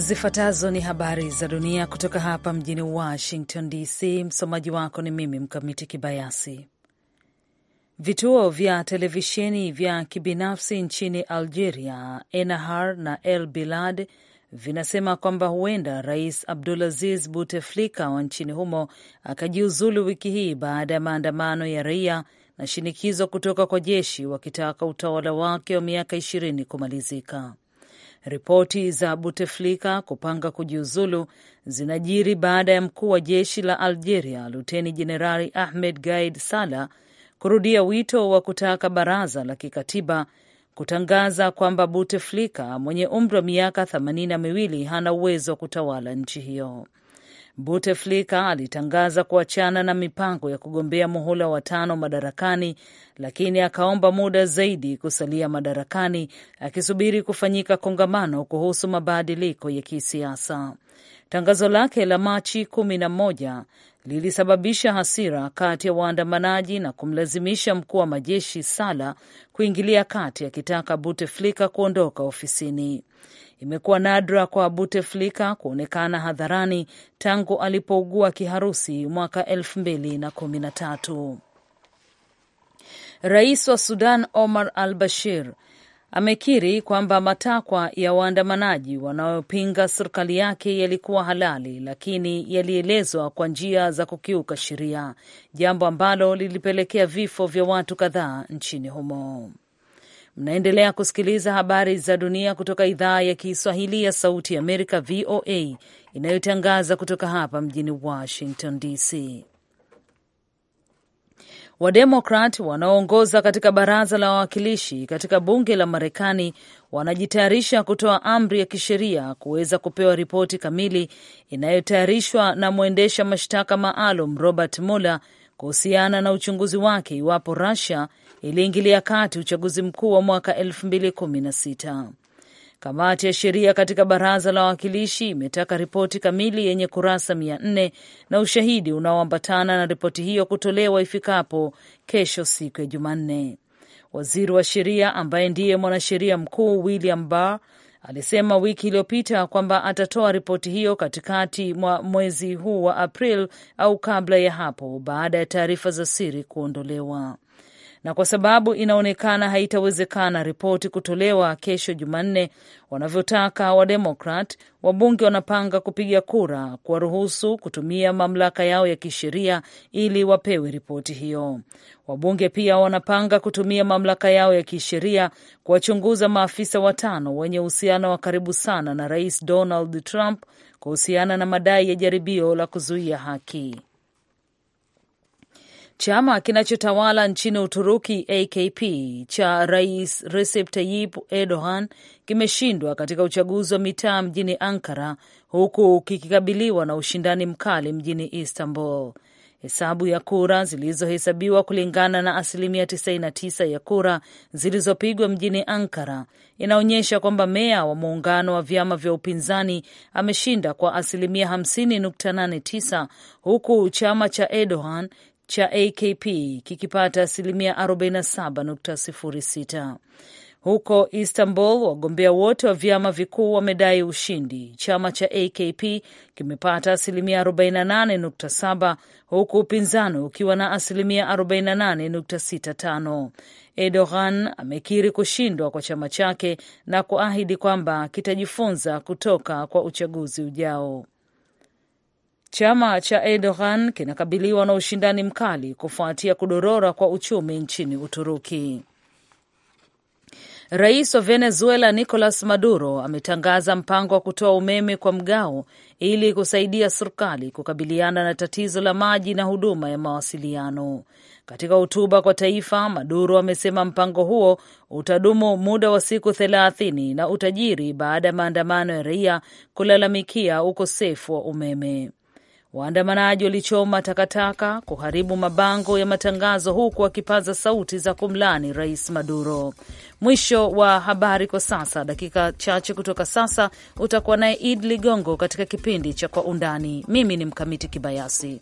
Zifuatazo ni habari za dunia kutoka hapa mjini Washington DC. Msomaji wako ni mimi Mkamiti Kibayasi. Vituo vya televisheni vya kibinafsi nchini Algeria, Enahar na El Bilad, vinasema kwamba huenda Rais Abdulaziz Buteflika wa nchini humo akajiuzulu wiki hii baada ya maandamano ya raia na shinikizo kutoka kwa jeshi wakitaka utawala wake wa miaka ishirini kumalizika. Ripoti za Buteflika kupanga kujiuzulu zinajiri baada ya mkuu wa jeshi la Algeria Luteni Jenerali Ahmed Gaid Salah kurudia wito wa kutaka baraza la kikatiba kutangaza kwamba Buteflika mwenye umri wa miaka themanini na miwili hana uwezo wa kutawala nchi hiyo. Buteflika alitangaza kuachana na mipango ya kugombea muhula wa tano madarakani, lakini akaomba muda zaidi kusalia madarakani, akisubiri kufanyika kongamano kuhusu mabadiliko ya kisiasa. Tangazo lake la Machi kumi na moja lilisababisha hasira kati ya waandamanaji na kumlazimisha mkuu wa majeshi Sala kuingilia kati akitaka Buteflika kuondoka ofisini. Imekuwa nadra kwa Buteflika kuonekana hadharani tangu alipougua kiharusi mwaka elfu mbili na kumi na tatu. Rais wa Sudan Omar al Bashir amekiri kwamba matakwa ya waandamanaji wanaopinga serikali yake yalikuwa halali, lakini yalielezwa kwa njia za kukiuka sheria, jambo ambalo lilipelekea vifo vya watu kadhaa nchini humo. Mnaendelea kusikiliza habari za dunia kutoka idhaa ya Kiswahili ya Sauti Amerika, VOA, inayotangaza kutoka hapa mjini Washington DC. Wademokrat wanaoongoza katika baraza la wawakilishi katika bunge la Marekani wanajitayarisha kutoa amri ya kisheria kuweza kupewa ripoti kamili inayotayarishwa na mwendesha mashtaka maalum Robert Mueller kuhusiana na uchunguzi wake iwapo Russia iliingilia kati uchaguzi mkuu wa mwaka 2016. Kamati ya sheria katika baraza la wawakilishi imetaka ripoti kamili yenye kurasa 4 na ushahidi unaoambatana na ripoti hiyo kutolewa ifikapo kesho, siku ya Jumanne. Waziri wa sheria ambaye ndiye mwanasheria mkuu William Barr alisema wiki iliyopita kwamba atatoa ripoti hiyo katikati mwa mwezi huu wa April au kabla ya hapo, baada ya taarifa za siri kuondolewa na kwa sababu inaonekana haitawezekana ripoti kutolewa kesho Jumanne wanavyotaka Wademokrat, wabunge wanapanga kupiga kura kuwaruhusu kutumia mamlaka yao ya kisheria ili wapewe ripoti hiyo. Wabunge pia wanapanga kutumia mamlaka yao ya kisheria kuwachunguza maafisa watano wenye uhusiano wa karibu sana na Rais Donald Trump kuhusiana na madai ya jaribio la kuzuia haki. Chama kinachotawala nchini Uturuki, AKP cha Rais Recep Tayyip Erdogan kimeshindwa katika uchaguzi wa mitaa mjini Ankara, huku kikikabiliwa na ushindani mkali mjini Istanbul. Hesabu ya kura zilizohesabiwa kulingana na asilimia 99 ya kura zilizopigwa mjini Ankara inaonyesha kwamba meya wa muungano wa vyama vya upinzani ameshinda kwa asilimia 50.89 huku chama cha Erdogan cha AKP kikipata asilimia 47.06. Huko Istanbul, wagombea wote wa vyama vikuu wamedai ushindi. Chama cha AKP kimepata asilimia 48.7 huku upinzani ukiwa na asilimia 48.65. Erdogan amekiri kushindwa kwa chama chake na kuahidi kwamba kitajifunza kutoka kwa uchaguzi ujao. Chama cha Erdogan kinakabiliwa na ushindani mkali kufuatia kudorora kwa uchumi nchini Uturuki. Rais wa Venezuela Nicolas Maduro ametangaza mpango wa kutoa umeme kwa mgao ili kusaidia serikali kukabiliana na tatizo la maji na huduma ya mawasiliano. Katika hotuba kwa taifa, Maduro amesema mpango huo utadumu muda wa siku thelathini na utajiri baada ya maandamano ya raia kulalamikia ukosefu wa umeme. Waandamanaji walichoma takataka, kuharibu mabango ya matangazo, huku wakipaza sauti za kumlani Rais Maduro. Mwisho wa habari kwa sasa. Dakika chache kutoka sasa utakuwa naye Id Ligongo katika kipindi cha Kwa Undani. Mimi ni Mkamiti Kibayasi.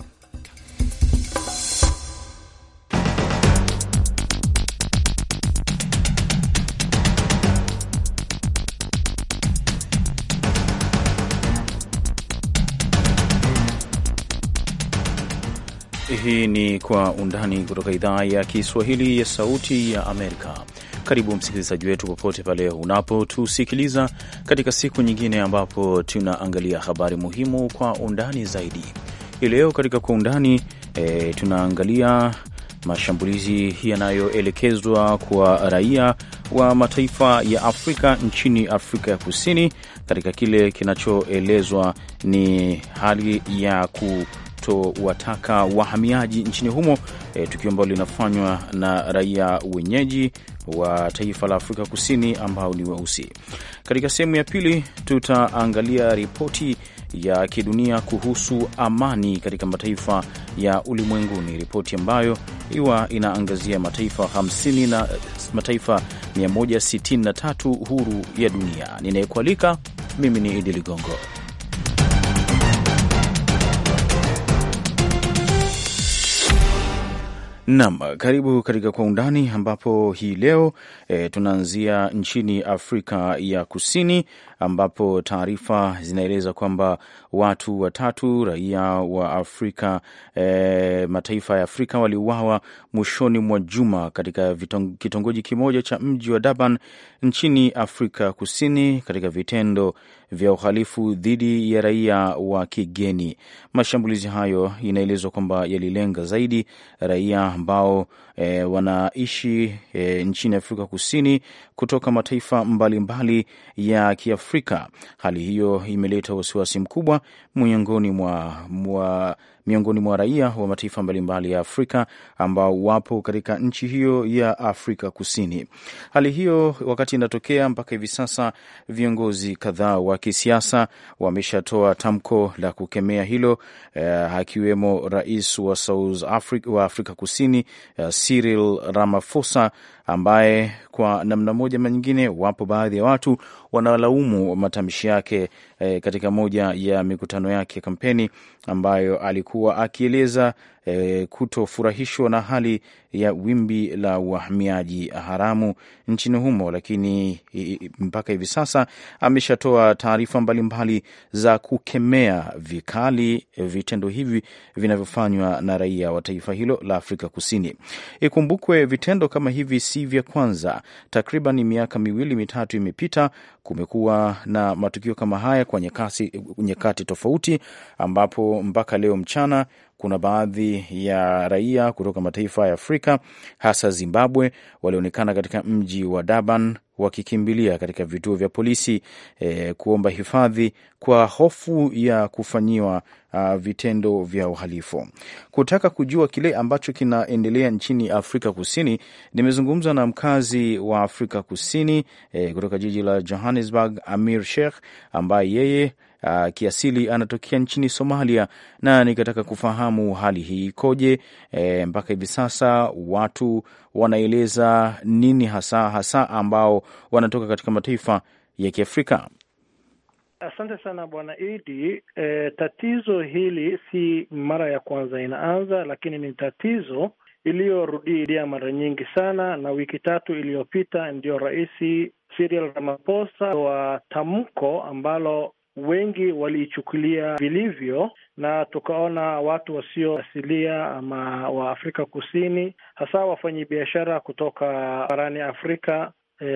Hii ni Kwa Undani kutoka idhaa ya Kiswahili ya Sauti ya Amerika. Karibu msikilizaji wetu popote pale unapotusikiliza katika siku nyingine ambapo tunaangalia habari muhimu kwa undani zaidi. Hii leo katika Kwa Undani e, tunaangalia mashambulizi yanayoelekezwa kwa raia wa mataifa ya Afrika nchini Afrika ya Kusini katika kile kinachoelezwa ni hali ya ku kutowataka wahamiaji nchini humo e, tukio ambalo linafanywa na raia wenyeji wa taifa la Afrika Kusini ambao ni weusi. Katika sehemu ya pili tutaangalia ripoti ya kidunia kuhusu amani katika mataifa ya ulimwenguni, ripoti ambayo iwa inaangazia mataifa 50 na mataifa 163 huru ya dunia. Ninayekualika mimi ni Idi Ligongo. nam karibu katika Kwa Undani ambapo hii leo e, tunaanzia nchini Afrika ya Kusini ambapo taarifa zinaeleza kwamba watu watatu raia wa Afrika e, mataifa ya Afrika waliuawa mwishoni mwa juma katika kitongoji kimoja cha mji wa Durban nchini Afrika Kusini katika vitendo vya uhalifu dhidi ya raia wa kigeni. Mashambulizi hayo inaelezwa kwamba yalilenga zaidi raia ambao e, wanaishi e, nchini Afrika Kusini kutoka mataifa mbalimbali mbali ya Kiafrika Afrika. Hali hiyo imeleta wasiwasi mkubwa miongoni mwa, mwa, miongoni mwa raia wa mataifa mbalimbali ya Afrika ambao wapo katika nchi hiyo ya Afrika Kusini. Hali hiyo wakati inatokea mpaka hivi sasa, viongozi kadhaa wa kisiasa wameshatoa tamko la kukemea hilo eh, akiwemo rais wa South Africa, wa Afrika Kusini eh, Cyril Ramaphosa ambaye kwa namna moja ama nyingine, wapo baadhi ya watu wanalaumu matamshi yake eh, katika moja ya mikutano yake ya kampeni ambayo alikuwa akieleza e, kutofurahishwa na hali ya wimbi la uahamiaji haramu nchini humo, lakini mpaka hivi sasa ameshatoa taarifa mbalimbali za kukemea vikali vitendo hivi vinavyofanywa na raia wa taifa hilo la Afrika Kusini. Ikumbukwe vitendo kama hivi si vya kwanza. Takriban miaka miwili mitatu imepita, kumekuwa na matukio kama haya kwa nyakati tofauti ambapo mpaka leo mchana kuna baadhi ya raia kutoka mataifa ya Afrika hasa Zimbabwe walionekana katika mji wa Durban wakikimbilia katika vituo vya polisi e, kuomba hifadhi kwa hofu ya kufanyiwa a, ah, vitendo vya uhalifu. Kutaka kujua kile ambacho kinaendelea nchini Afrika Kusini, nimezungumza na mkazi wa Afrika Kusini e, kutoka jiji la Johannesburg, Amir Sheikh ambaye yeye uh, kiasili anatokea nchini Somalia, na nikataka kufahamu hali hii ikoje e, mpaka hivi sasa watu wanaeleza nini hasa hasa ambao wanatoka katika mataifa ya Kiafrika. Asante sana bwana Idi. E, tatizo hili si mara ya kwanza inaanza, lakini ni tatizo iliyorudia mara nyingi sana, na wiki tatu iliyopita ndio Rais Cyril Ramaphosa wa tamko ambalo wengi waliichukulia vilivyo, na tukaona watu wasio asilia ama wa Afrika Kusini, hasa wafanyabiashara kutoka barani Afrika e,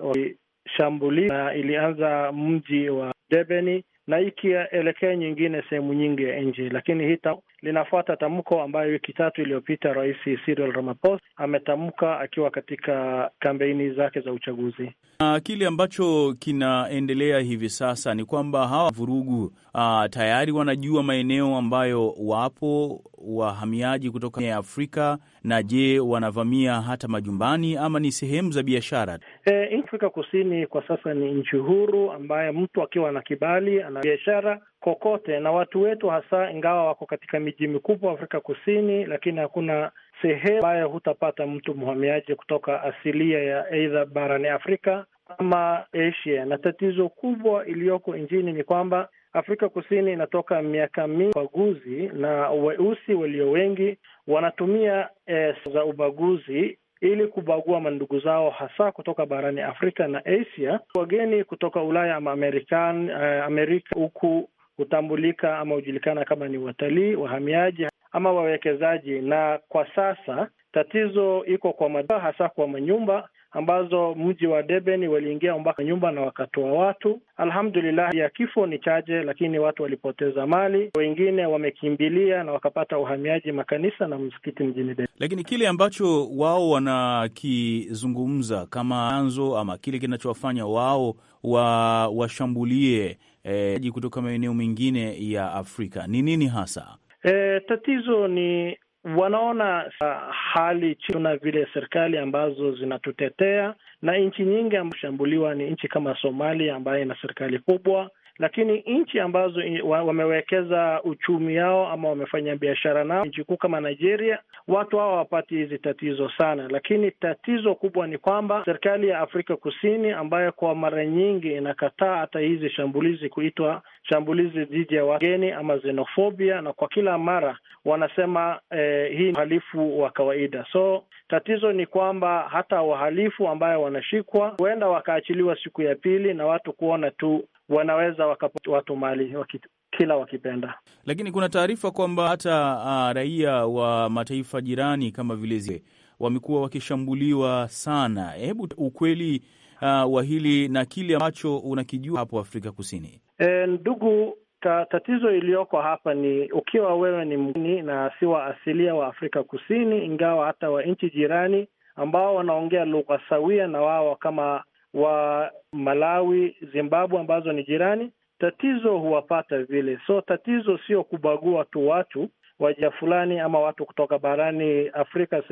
walishambulia na ilianza mji wa Debeni na ikielekea nyingine sehemu nyingi ya nchi, lakini hii linafuata tamko ambayo wiki tatu iliyopita Rais Cyril Ramaphosa ametamka akiwa katika kampeni zake za uchaguzi. Uh, kile ambacho kinaendelea hivi sasa ni kwamba hawa vurugu uh, tayari wanajua maeneo ambayo wapo wahamiaji kutoka ya Afrika na je, wanavamia hata majumbani ama ni sehemu za biashara? E, Afrika Kusini kwa sasa ni nchi huru ambaye mtu akiwa na kibali ana biashara kokote, na watu wetu hasa, ingawa wako katika miji mikubwa Afrika Kusini, lakini hakuna sehemu ambayo hutapata mtu mhamiaji kutoka asilia ya aidha barani Afrika ama Asia. Na tatizo kubwa iliyoko nchini ni kwamba Afrika Kusini inatoka miaka mingi ubaguzi, na weusi walio wengi wanatumia eh, za ubaguzi ili kubagua mandugu zao hasa kutoka barani Afrika na Asia, wageni kutoka Ulaya ama eh, Amerika huku hutambulika ama hujulikana kama ni watalii, wahamiaji ama wawekezaji. Na kwa sasa tatizo iko kwa maduka, hasa kwa manyumba ambazo mji wa Deben waliingia mpaka nyumba na wakatoa watu. Alhamdulillah, ya kifo ni chache, lakini watu walipoteza mali, wengine wamekimbilia na wakapata uhamiaji makanisa na msikiti mjini Deben. Lakini kile ambacho wao wanakizungumza kama anzo ama kile kinachowafanya wao wa washambulie eh, kutoka maeneo mengine ya Afrika ni nini hasa? E, tatizo ni wanaona uh, hali chuna vile serikali ambazo zinatutetea na nchi nyingi ambazo shambuliwa ni nchi kama Somalia ambayo ina serikali kubwa lakini nchi ambazo wamewekeza uchumi yao ama wamefanya biashara nao, nchi kuu kama Nigeria, watu hawa hawapati hizi tatizo sana. Lakini tatizo kubwa ni kwamba serikali ya Afrika Kusini ambayo kwa mara nyingi inakataa hata hizi shambulizi kuitwa shambulizi dhidi ya wageni ama xenofobia, na kwa kila mara wanasema eh, hii uhalifu wa kawaida. So tatizo ni kwamba hata wahalifu ambayo wanashikwa huenda wakaachiliwa siku ya pili na watu kuona tu wanaweza wakapata watu mali waki, kila wakipenda. Lakini kuna taarifa kwamba hata uh, raia wa mataifa jirani kama vile zile wamekuwa wakishambuliwa sana. Hebu ukweli uh, wa hili na kile ambacho unakijua hapo Afrika Kusini. E, ndugu ta, tatizo iliyoko hapa ni ukiwa wewe ni mgeni na si wa asilia wa Afrika Kusini, ingawa hata wa nchi jirani ambao wanaongea lugha sawia na wao kama wa Malawi, Zimbabwe ambazo ni jirani, tatizo huwapata vile. So tatizo sio kubagua tu watu waja fulani ama watu kutoka barani Afrika,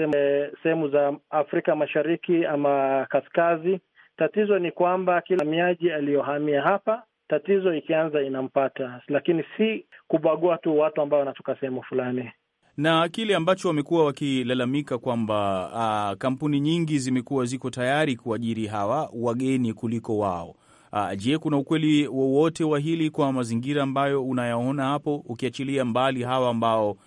sehemu za Afrika Mashariki ama kaskazi. Tatizo ni kwamba kila miaji aliyohamia hapa, tatizo ikianza inampata, lakini si kubagua tu watu ambao wanatoka sehemu fulani na kile ambacho wamekuwa wakilalamika kwamba uh, kampuni nyingi zimekuwa ziko tayari kuajiri hawa wageni kuliko wao. Uh, je, kuna ukweli wowote wa hili kwa mazingira ambayo unayaona hapo, ukiachilia mbali hawa ambao uh,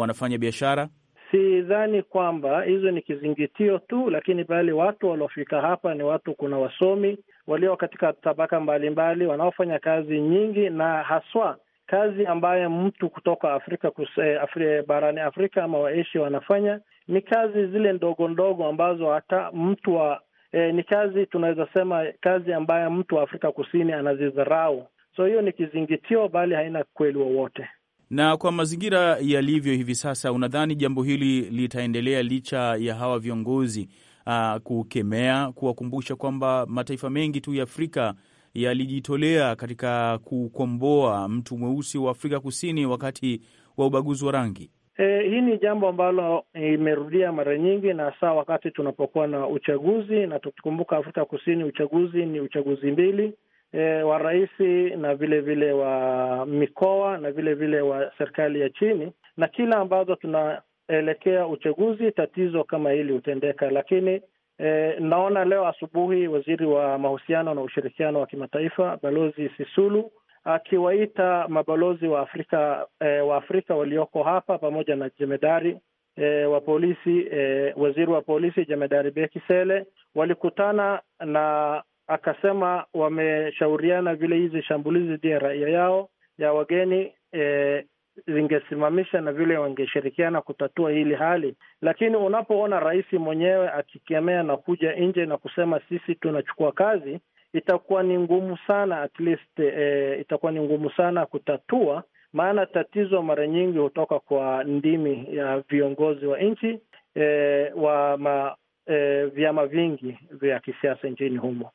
wanafanya biashara? Sidhani kwamba hizo ni kizingitio tu, lakini bali watu waliofika hapa ni watu, kuna wasomi walio katika tabaka mbalimbali wanaofanya kazi nyingi na haswa Kazi ambayo mtu kutoka Afrika kuse, eh, Afri, barani Afrika ama Waasia wanafanya ni kazi zile ndogo ndogo ambazo hata mtu wa eh, ni kazi tunaweza sema kazi ambayo mtu wa Afrika Kusini anazidharau, so hiyo ni kizingitio, bali haina kweli wowote. Na kwa mazingira yalivyo hivi sasa, unadhani jambo hili litaendelea licha ya hawa viongozi uh, kukemea, kuwakumbusha kwamba mataifa mengi tu ya Afrika yalijitolea katika kukomboa mtu mweusi wa Afrika Kusini wakati wa ubaguzi wa rangi. E, hii ni jambo ambalo imerudia mara nyingi na hasa wakati tunapokuwa na uchaguzi, na tukikumbuka Afrika Kusini uchaguzi ni uchaguzi mbili e, wa rais na vile vile wa mikoa na vile vile wa serikali ya chini, na kila ambazo tunaelekea uchaguzi, tatizo kama hili hutendeka, lakini E, naona leo asubuhi waziri wa mahusiano na ushirikiano wa kimataifa Balozi Sisulu akiwaita mabalozi wa Afrika e, wa Afrika walioko hapa pamoja na jemedari e, wa polisi e, waziri wa polisi Jemedari Bekisele walikutana na akasema wameshauriana vile hizi shambulizi dhidi ya raia yao ya wageni e, zingesimamisha na vile wangeshirikiana kutatua hili hali. Lakini unapoona rais mwenyewe akikemea na kuja nje na kusema sisi tunachukua kazi, itakuwa ni ngumu sana at least, eh, itakuwa ni ngumu sana kutatua, maana tatizo mara nyingi hutoka kwa ndimi ya viongozi wa nchi eh, wa ma, eh, vyama vingi vya kisiasa nchini humo.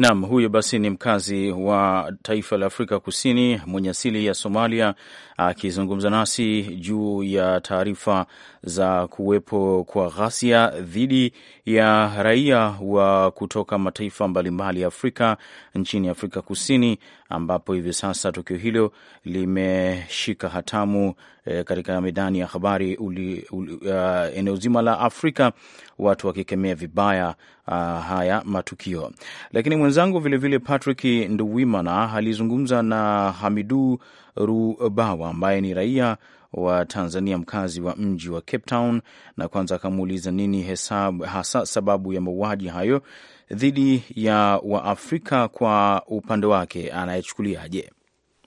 Nam huyo basi ni mkazi wa taifa la Afrika Kusini mwenye asili ya Somalia akizungumza nasi juu ya taarifa za kuwepo kwa ghasia dhidi ya raia wa kutoka mataifa mbalimbali ya Afrika nchini Afrika Kusini ambapo hivi sasa tukio hilo limeshika hatamu e, katika medani ya habari uli, uli, uh, eneo zima la Afrika, watu wakikemea vibaya uh, haya matukio. Lakini mwenzangu vilevile Patrick Nduwimana alizungumza na Hamidu Rubawa ambaye ni raia wa Tanzania, mkazi wa mji wa Cape Town, na kwanza akamuuliza nini hesabu, hasa sababu ya mauaji hayo dhidi ya Waafrika. Kwa upande wake anayechukuliaje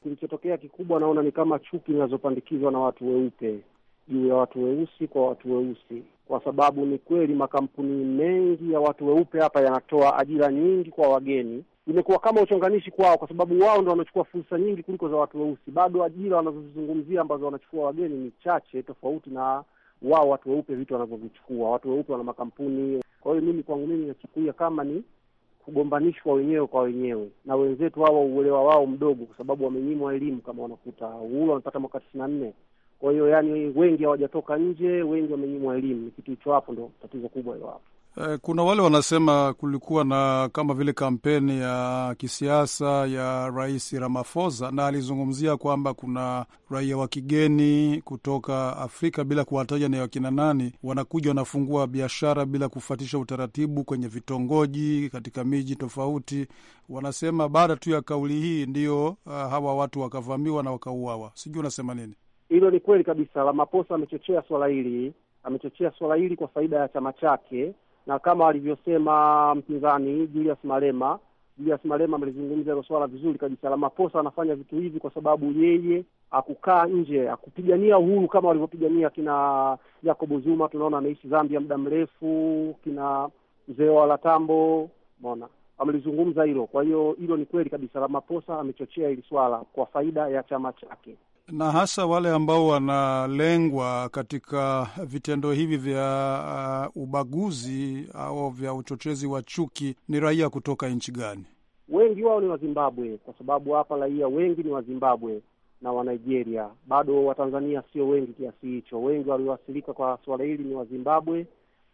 kilichotokea? Kikubwa naona ni kama chuki zinazopandikizwa na watu weupe juu ya watu weusi kwa watu weusi, kwa sababu ni kweli makampuni mengi ya watu weupe hapa yanatoa ajira nyingi kwa wageni imekuwa kama uchonganishi kwao, kwa sababu wao ndo wanachukua fursa nyingi kuliko za watu weusi. Bado ajira wanazozizungumzia ambazo wanachukua wageni ni chache, tofauti na wao watu weupe vitu wanavyovichukua. Watu weupe wana makampuni. Kwa hiyo mimi kwangu mimi nachukulia kama ni kugombanishwa wenyewe kwa wenyewe na wenzetu, hawa uelewa wao mdogo, kwa sababu wamenyimwa elimu. Kama wanakuta uhuru wanapata mwaka tisini na nne kwa hiyo yani wengi hawajatoka nje, wengi wamenyimwa elimu. Ni kitu hicho hapo ndo tatizo kubwa hilo hapo. Eh, kuna wale wanasema kulikuwa na kama vile kampeni ya kisiasa ya Rais ramafosa na alizungumzia kwamba kuna raia wa kigeni kutoka Afrika bila kuwataja ni wakina nani, wanakuja wanafungua biashara bila kufuatisha utaratibu kwenye vitongoji, katika miji tofauti. Wanasema baada tu ya kauli hii ndiyo uh, eh, hawa watu wakavamiwa na wakauawa. Sijui unasema nini? Hilo ni kweli kabisa. Ramafosa amechochea swala hili, amechochea swala hili kwa faida ya chama chake na kama alivyosema mpinzani Julius Malema, Julius Malema amelizungumza hilo swala vizuri kabisa. Ramaphosa anafanya vitu hivi kwa sababu yeye akukaa nje, akupigania uhuru kama walivyopigania kina Jacob Zuma, tunaona anaishi Zambia muda mrefu, kina mzee wa Latambo, umeona amelizungumza hilo. Kwa hiyo hilo ni kweli kabisa, Ramaphosa amechochea hili swala kwa faida ya chama chake na hasa wale ambao wanalengwa katika vitendo hivi vya uh, ubaguzi au vya uchochezi wa chuki ni raia kutoka nchi gani? Wengi wao ni Wazimbabwe, kwa sababu hapa raia wengi ni Wazimbabwe na Wanigeria. Bado Watanzania sio wengi kiasi hicho. Wengi waliowasilika kwa suala hili ni Wazimbabwe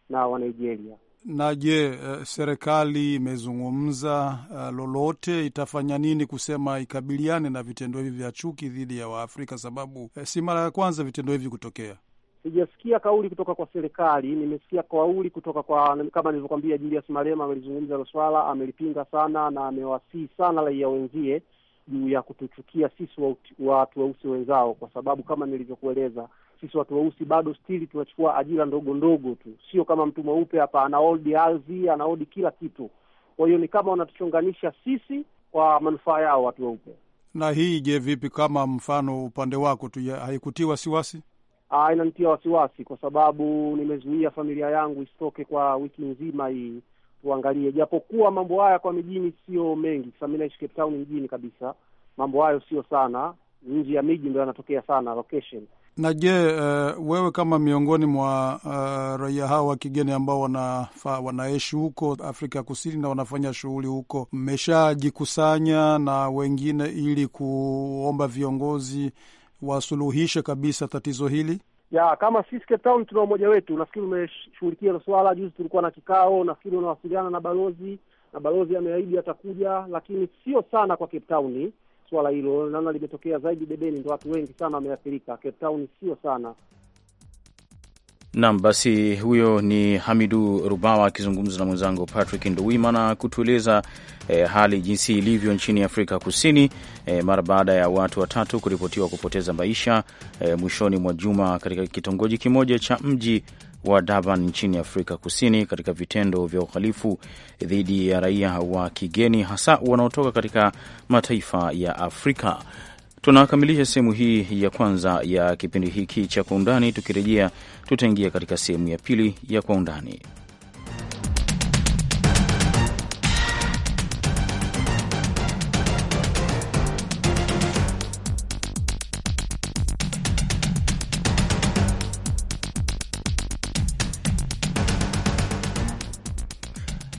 na Wanigeria. Na je, uh, serikali imezungumza uh, lolote? Itafanya nini kusema ikabiliane na vitendo hivi vya chuki dhidi ya Waafrika? Sababu uh, si mara ya kwanza vitendo hivi kutokea. Sijasikia kauli kutoka kwa serikali, nimesikia kauli kutoka kwa, kama nilivyokwambia, Julius Malema amelizungumza hilo swala, amelipinga sana na amewasihi sana raia wenzie juu ya kutuchukia sisi watu weusi wenzao, kwa sababu kama nilivyokueleza sisi watu weusi bado stili tunachukua ajira ndogo ndogo tu, sio kama mtu mweupe hapa anaodi ardhi, anaodi kila kitu. Kwa hiyo ni kama wanatuchonganisha sisi kwa manufaa yao watu weupe. Na hii je, vipi kama mfano upande wako tu, haikutii wasiwasi? Ah, inanitia wasiwasi kwa sababu nimezuia familia yangu isitoke kwa wiki nzima hii, tuangalie. Japokuwa mambo haya kwa mijini sio mengi, sasa mimi naishi Cape Town mjini kabisa, mambo hayo sio sana, nje ya miji ndo yanatokea sana location na je, uh, wewe kama miongoni mwa uh, raia hao wa kigeni ambao wanaishi huko Afrika Kusini na wanafanya shughuli huko, mmeshajikusanya na wengine ili kuomba viongozi wasuluhishe kabisa tatizo hili? Ya, kama sisi Cape Town tuna umoja wetu, nafikiri umeshughulikia hilo swala. Juzi tulikuwa na kikao, nafikiri unawasiliana na balozi na balozi ameahidi atakuja, lakini sio sana kwa Cape Town swala hilo, naona limetokea zaidi Debeni, ndo watu wengi sana wameathirika. Cape Town sio sana. Naam, basi huyo ni Hamidu Rubawa akizungumza na mwenzangu Patrick Nduwimana kutueleza eh, hali jinsi ilivyo nchini Afrika Kusini eh, mara baada ya watu watatu kuripotiwa kupoteza maisha eh, mwishoni mwa juma katika kitongoji kimoja cha mji wa Durban nchini Afrika Kusini katika vitendo vya uhalifu dhidi ya raia wa kigeni hasa wanaotoka katika mataifa ya Afrika. Tunakamilisha sehemu hii ya kwanza ya kipindi hiki cha Kwa Undani. Tukirejea tutaingia katika sehemu ya pili ya Kwa Undani.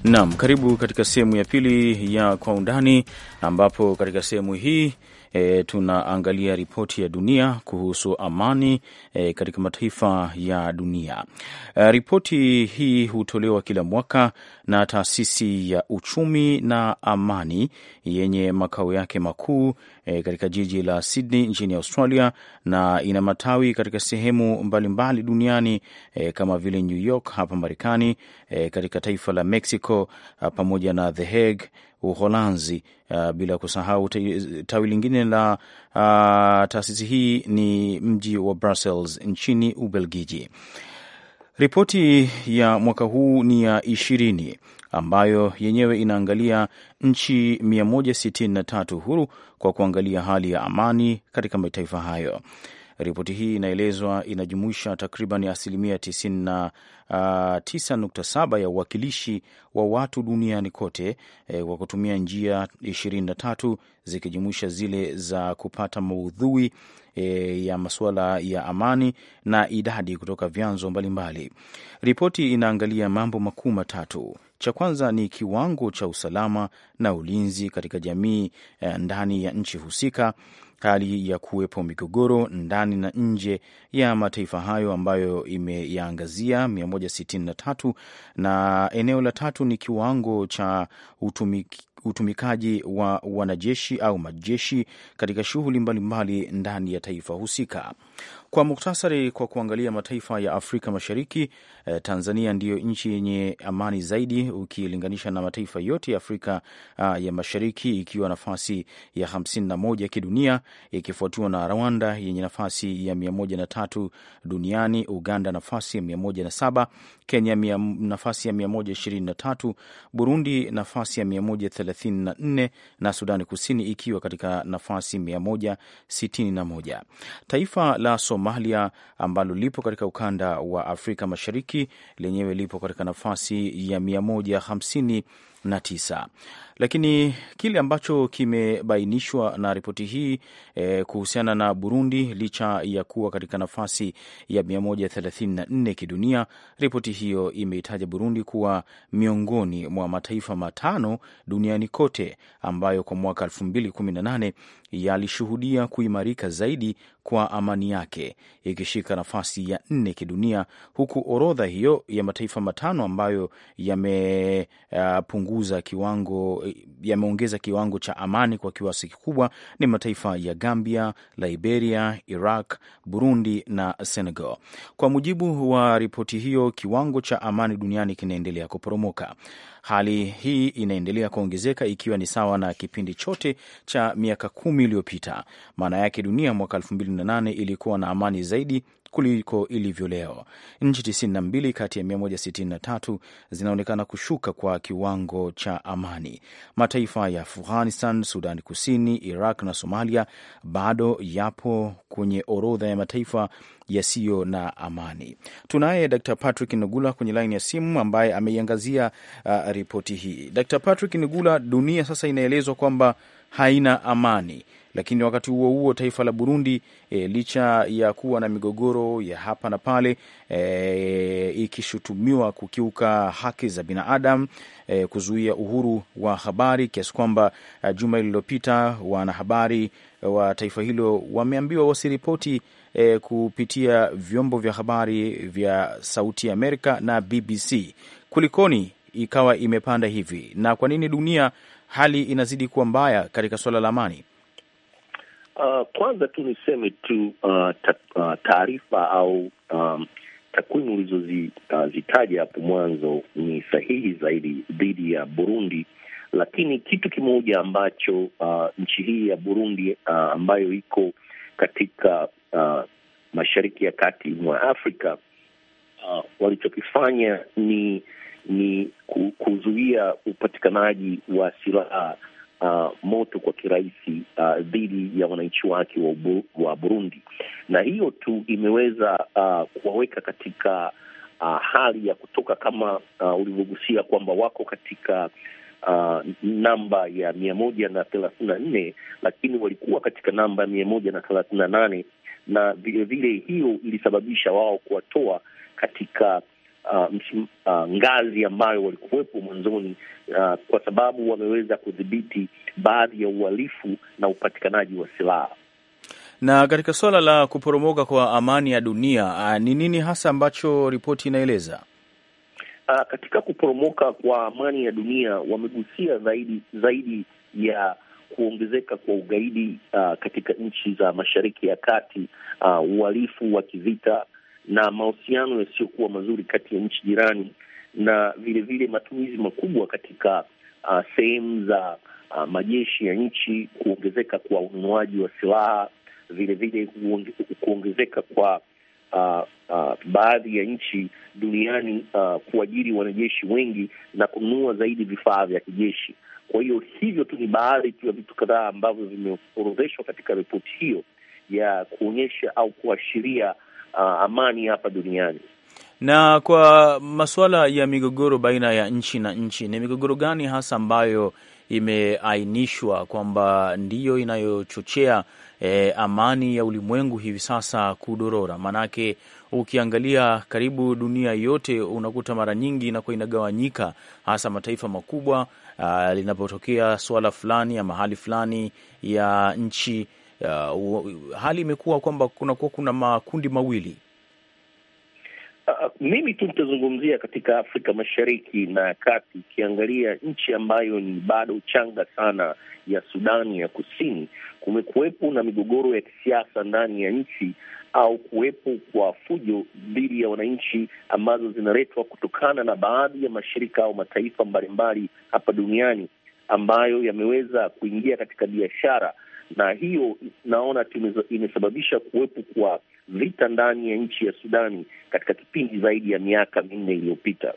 Naam, karibu katika sehemu ya pili ya Kwa Undani, ambapo katika sehemu hii e, tunaangalia ripoti ya dunia kuhusu amani e, katika mataifa ya dunia. E, ripoti hii hutolewa kila mwaka na taasisi ya uchumi na amani yenye makao yake makuu e, katika jiji la Sydney nchini Australia na ina matawi katika sehemu mbalimbali mbali duniani e, kama vile New York hapa Marekani, e, katika taifa la Mexico pamoja na The Hague Uholanzi, uh, bila kusahau tawi lingine la uh, taasisi hii ni mji wa Brussels nchini Ubelgiji. Ripoti ya mwaka huu ni ya ishirini ambayo yenyewe inaangalia nchi 163 huru kwa kuangalia hali ya amani katika mataifa hayo. Ripoti hii inaelezwa inajumuisha takriban asilimia 99.7 uh, ya uwakilishi wa watu duniani kote e, kutumia njia 23 zikijumuisha zile za kupata maudhui e, ya masuala ya amani na idadi kutoka vyanzo mbalimbali. Ripoti inaangalia mambo makuu matatu. Cha kwanza ni kiwango cha usalama na ulinzi katika jamii e, ndani ya nchi husika hali ya kuwepo migogoro ndani na nje ya mataifa hayo ambayo imeyaangazia 163 na eneo la tatu ni kiwango cha utumiki utumikaji wa wanajeshi au majeshi katika shughuli mbalimbali ndani ya taifa husika. Kwa muktasari, kwa kuangalia mataifa ya Afrika Mashariki, eh, Tanzania ndiyo nchi yenye amani zaidi ukilinganisha na mataifa yote ya Afrika ah, ya Mashariki, ikiwa nafasi ya 51 kidunia, ikifuatiwa na Rwanda yenye nafasi ya 103 duniani, Uganda nafasi ya 107, Kenya mia, nafasi ya 123, Burundi nafasi ya 134 na Sudani Kusini ikiwa katika nafasi 161. Taifa la Somalia Somalia ambalo lipo katika ukanda wa Afrika Mashariki, lenyewe lipo katika nafasi ya 150 lakini kile ambacho kimebainishwa na ripoti hii e, kuhusiana na Burundi, licha ya kuwa katika nafasi ya 134 kidunia, ripoti hiyo imeitaja Burundi kuwa miongoni mwa mataifa matano duniani kote ambayo kwa mwaka 2018 yalishuhudia kuimarika zaidi kwa amani yake, ikishika nafasi ya nne kidunia, huku orodha hiyo ya mataifa matano ambayo yamepungua eh, yamekuza kiwango, yameongeza kiwango cha amani kwa kiwasi kikubwa ni mataifa ya Gambia, Liberia, Iraq, Burundi na Senegal. Kwa mujibu wa ripoti hiyo, kiwango cha amani duniani kinaendelea kuporomoka. Hali hii inaendelea kuongezeka ikiwa ni sawa na kipindi chote cha miaka kumi iliyopita. Maana yake dunia mwaka 28 ilikuwa na amani zaidi kuliko ilivyo leo. Nchi 92 kati ya 163 zinaonekana kushuka kwa kiwango cha amani. Mataifa ya Afghanistan, Sudan Kusini, Iraq na Somalia bado yapo kwenye orodha ya mataifa yasiyo na amani. Tunaye Dr Patrick Nugula kwenye laini ya simu ambaye ameiangazia uh, ripoti hii. Dr Patrick Nugula, dunia sasa inaelezwa kwamba haina amani. Lakini wakati huo huo taifa la Burundi e, licha ya kuwa na migogoro ya hapa na pale e, ikishutumiwa kukiuka haki za binadamu e, kuzuia uhuru wa habari kiasi kwamba e, juma lililopita wanahabari wa taifa hilo wameambiwa wasiripoti e, kupitia vyombo vya habari vya Sauti ya Amerika na BBC. Kulikoni ikawa imepanda hivi, na kwa nini dunia hali inazidi kuwa mbaya katika suala la amani? Uh, kwanza tu niseme tu uh, ta, uh, taarifa au um, takwimu ulizozitaja uh, hapo mwanzo ni sahihi zaidi dhidi ya Burundi, lakini kitu kimoja ambacho uh, nchi hii ya Burundi uh, ambayo iko katika uh, mashariki ya kati mwa Afrika uh, walichokifanya ni ni kuzuia upatikanaji wa silaha uh, uh, moto kwa kirahisi uh, dhidi ya wananchi wake wa, wa Burundi, na hiyo tu imeweza uh, kuwaweka katika uh, hali ya kutoka kama uh, ulivyogusia kwamba wako katika Uh, namba ya mia moja na thelathini na nne lakini walikuwa katika namba mia moja na thelathini na nane na vilevile hiyo ilisababisha wao kuwatoa katika uh, uh, ngazi ambayo walikuwepo mwanzoni uh, kwa sababu wameweza kudhibiti baadhi ya uhalifu na upatikanaji wa silaha. Na katika suala la kuporomoka kwa amani ya dunia uh, ni nini hasa ambacho ripoti inaeleza? Uh, katika kuporomoka kwa amani ya dunia wamegusia zaidi zaidi ya kuongezeka kwa ugaidi uh, katika nchi za Mashariki ya Kati, uh, uhalifu wa kivita na mahusiano yasiyokuwa mazuri kati ya nchi jirani na vilevile matumizi makubwa katika uh, sehemu za uh, majeshi ya nchi, kuongezeka kwa ununuaji wa silaha, vilevile kuongezeka kwa Uh, uh, baadhi ya nchi duniani uh, kuajiri wanajeshi wengi na kununua zaidi vifaa vya kijeshi. Kwa hiyo hivyo tu ni baadhi tu ya vitu kadhaa ambavyo vimeorodheshwa katika ripoti hiyo ya kuonyesha au kuashiria uh, amani hapa duniani. Na kwa masuala ya migogoro baina ya nchi na nchi, ni migogoro gani hasa ambayo imeainishwa kwamba ndiyo inayochochea eh, amani ya ulimwengu hivi sasa kudorora? Maanake ukiangalia karibu dunia yote unakuta mara nyingi inakuwa inagawanyika, hasa mataifa makubwa uh, linapotokea suala fulani ya mahali fulani ya nchi uh, hali imekuwa kwamba kunakuwa kuna makundi mawili. Uh, uh mimi tu nitazungumzia katika Afrika Mashariki na Kati, ukiangalia nchi ambayo ni bado changa sana ya Sudani ya Kusini, kumekuwepo na migogoro ya kisiasa ndani ya nchi au kuwepo kwa fujo dhidi ya wananchi ambazo zinaletwa kutokana na baadhi ya mashirika au mataifa mbalimbali hapa duniani ambayo yameweza kuingia katika biashara na hiyo naona imesababisha kuwepo kwa vita ndani ya nchi ya Sudani katika kipindi zaidi ya miaka minne iliyopita.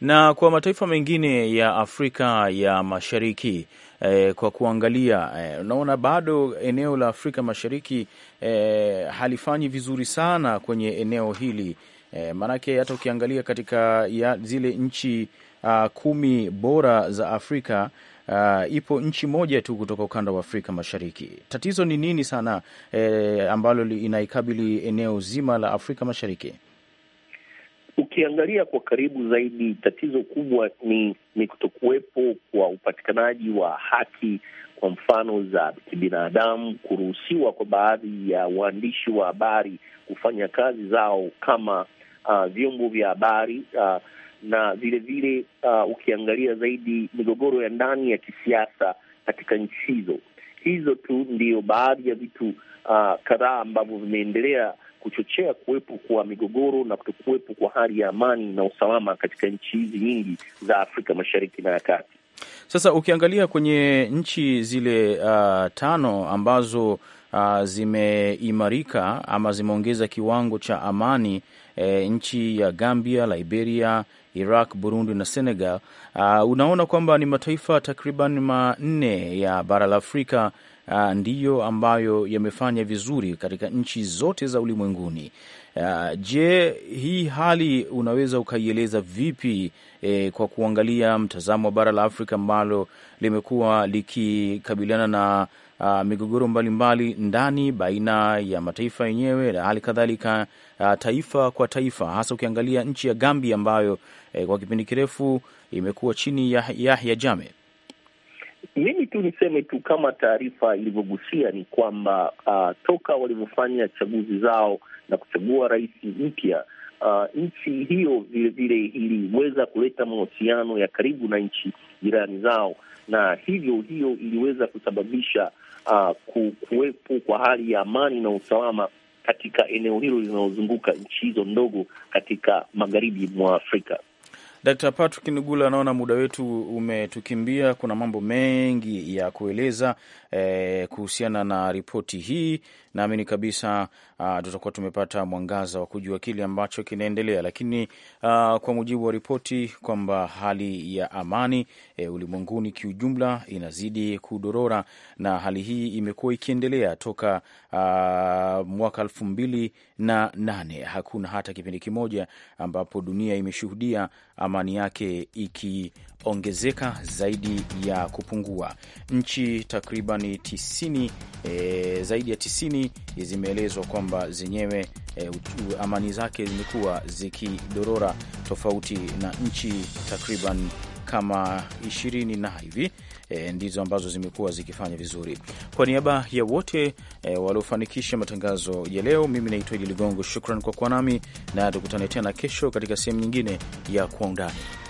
Na kwa mataifa mengine ya Afrika ya Mashariki eh, kwa kuangalia eh, unaona bado eneo la Afrika Mashariki eh, halifanyi vizuri sana kwenye eneo hili eh, maanake hata ukiangalia katika ya, zile nchi uh, kumi bora za Afrika uh, ipo nchi moja tu kutoka ukanda wa Afrika Mashariki. Tatizo ni nini sana eh, ambalo inaikabili eneo zima la Afrika Mashariki? Ukiangalia kwa karibu zaidi, tatizo kubwa ni, ni kutokuwepo kwa upatikanaji wa haki kwa mfano za kibinadamu, kuruhusiwa kwa baadhi ya waandishi wa habari kufanya kazi zao kama uh, vyombo vya habari uh, na vilevile uh, ukiangalia zaidi migogoro ya ndani ya kisiasa katika nchi hizo. Hizo tu ndiyo baadhi ya vitu uh, kadhaa ambavyo vimeendelea kuchochea kuwepo kwa migogoro na kutokuwepo kwa hali ya amani na usalama katika nchi hizi nyingi za Afrika Mashariki na ya Kati. Sasa ukiangalia kwenye nchi zile uh, tano ambazo uh, zimeimarika ama zimeongeza kiwango cha amani, e, nchi ya Gambia, Liberia, Iraq, Burundi na Senegal. Uh, unaona kwamba ni mataifa takriban manne ya bara la Afrika uh, ndiyo ambayo yamefanya vizuri katika nchi zote za ulimwenguni. Uh, je, hii hali unaweza ukaieleza vipi eh, kwa kuangalia mtazamo wa bara la Afrika ambalo limekuwa likikabiliana na uh, migogoro mbalimbali ndani baina ya mataifa yenyewe na hali kadhalika uh, taifa kwa taifa, hasa ukiangalia nchi ya Gambia ambayo eh, kwa kipindi kirefu imekuwa chini ya Yahya Jame. Mimi tu niseme tu kama taarifa ilivyogusia ni kwamba uh, toka walivyofanya chaguzi zao na kuchagua rais mpya uh, nchi hiyo vilevile iliweza kuleta mahusiano ya karibu na nchi jirani zao, na hivyo hiyo iliweza kusababisha uh, kuwepo kwa hali ya amani na usalama katika eneo hilo linalozunguka nchi hizo ndogo katika magharibi mwa Afrika. Dkt. Patrick Nugula, anaona muda wetu umetukimbia. Kuna mambo mengi ya kueleza eh, kuhusiana na ripoti hii naamini kabisa uh, tutakuwa tumepata mwangaza wa kujua kile ambacho kinaendelea, lakini uh, kwa mujibu wa ripoti kwamba hali ya amani e, ulimwenguni kiujumla inazidi kudorora, na hali hii imekuwa ikiendelea toka uh, mwaka elfu mbili na nane. Hakuna hata kipindi kimoja ambapo dunia imeshuhudia amani yake iki ongezeka zaidi ya kupungua. Nchi takriban e, zaidi ya 90 zimeelezwa kwamba zenyewe e, amani zake zimekuwa zikidorora, tofauti na nchi takriban kama ishirini na hivi e, ndizo ambazo zimekuwa zikifanya vizuri. Kwa niaba ya wote e, waliofanikisha matangazo ya leo, mimi naitwa Idi Ligongo. Shukran kwa kuwa nami na tukutane tena kesho katika sehemu nyingine ya Kwa Undani.